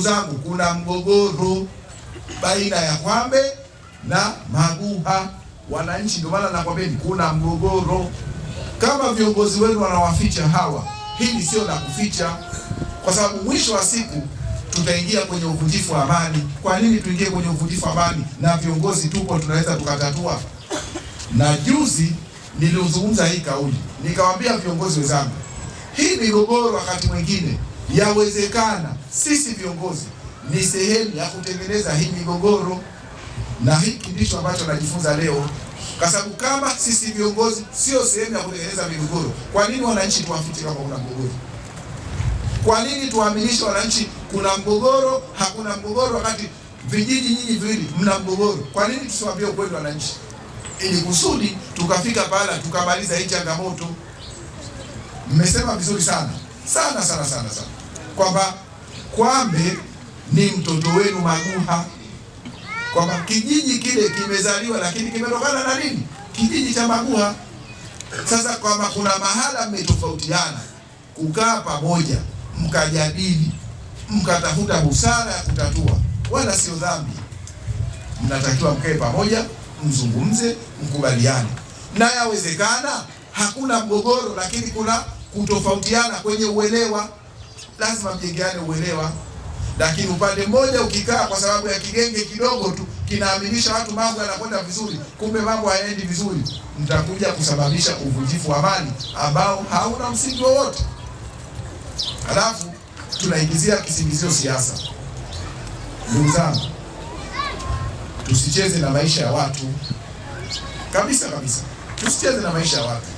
ndugu zangu, kuna mgogoro baina ya Kwambe na Maguha. Wananchi, ndio maana nakwambieni kuna mgogoro. Kama viongozi wenu wanawaficha hawa, hili sio la kuficha, kwa sababu mwisho wa siku tutaingia kwenye uvunjifu wa amani. Kwa nini tuingie kwenye uvunjifu wa amani na viongozi tupo, tunaweza tukatatua? Na juzi niliozungumza hii kauli, nikawaambia viongozi wenzangu, hii migogoro wakati mwingine yawezekana sisi viongozi ni sehemu ya kutengeneza hii migogoro, na hiki ndicho ambacho najifunza leo, kwa sababu kama sisi viongozi sio sehemu ya kutengeneza migogoro, kwa nini wananchi tuwafiti kama kuna mgogoro? Kwa nini tuwaaminishe wananchi kuna mgogoro, hakuna mgogoro, wakati vijiji nyinyi viwili mna mgogoro? Kwa nini tusiwaambie ukweli wananchi, ili kusudi tukafika pahala tukamaliza hii changamoto? Mmesema vizuri sana sana sana sana sana kwamba Kwambe ni mtoto wenu Maguha, kwamba kijiji kile kimezaliwa lakini kimetokana na nini? Kijiji cha Maguha. Sasa kwamba kuna mahala mmetofautiana, kukaa pamoja, mkajadili, mkatafuta busara ya kutatua, wala sio dhambi. Mnatakiwa mkae pamoja, mzungumze, mkubaliane, na yawezekana hakuna mgogoro, lakini kuna kutofautiana kwenye uelewa lazima mjengeane uelewa. Lakini upande mmoja ukikaa kwa sababu ya kigenge kidogo tu kinaaminisha watu mambo yanakwenda vizuri, kumbe mambo hayaendi vizuri, mtakuja kusababisha uvujifu wa amani ambao hauna msingi wowote. Halafu tunaingizia kisingizio siasa. Ndugu zangu, tusicheze na maisha ya watu kabisa kabisa, tusicheze na maisha ya watu.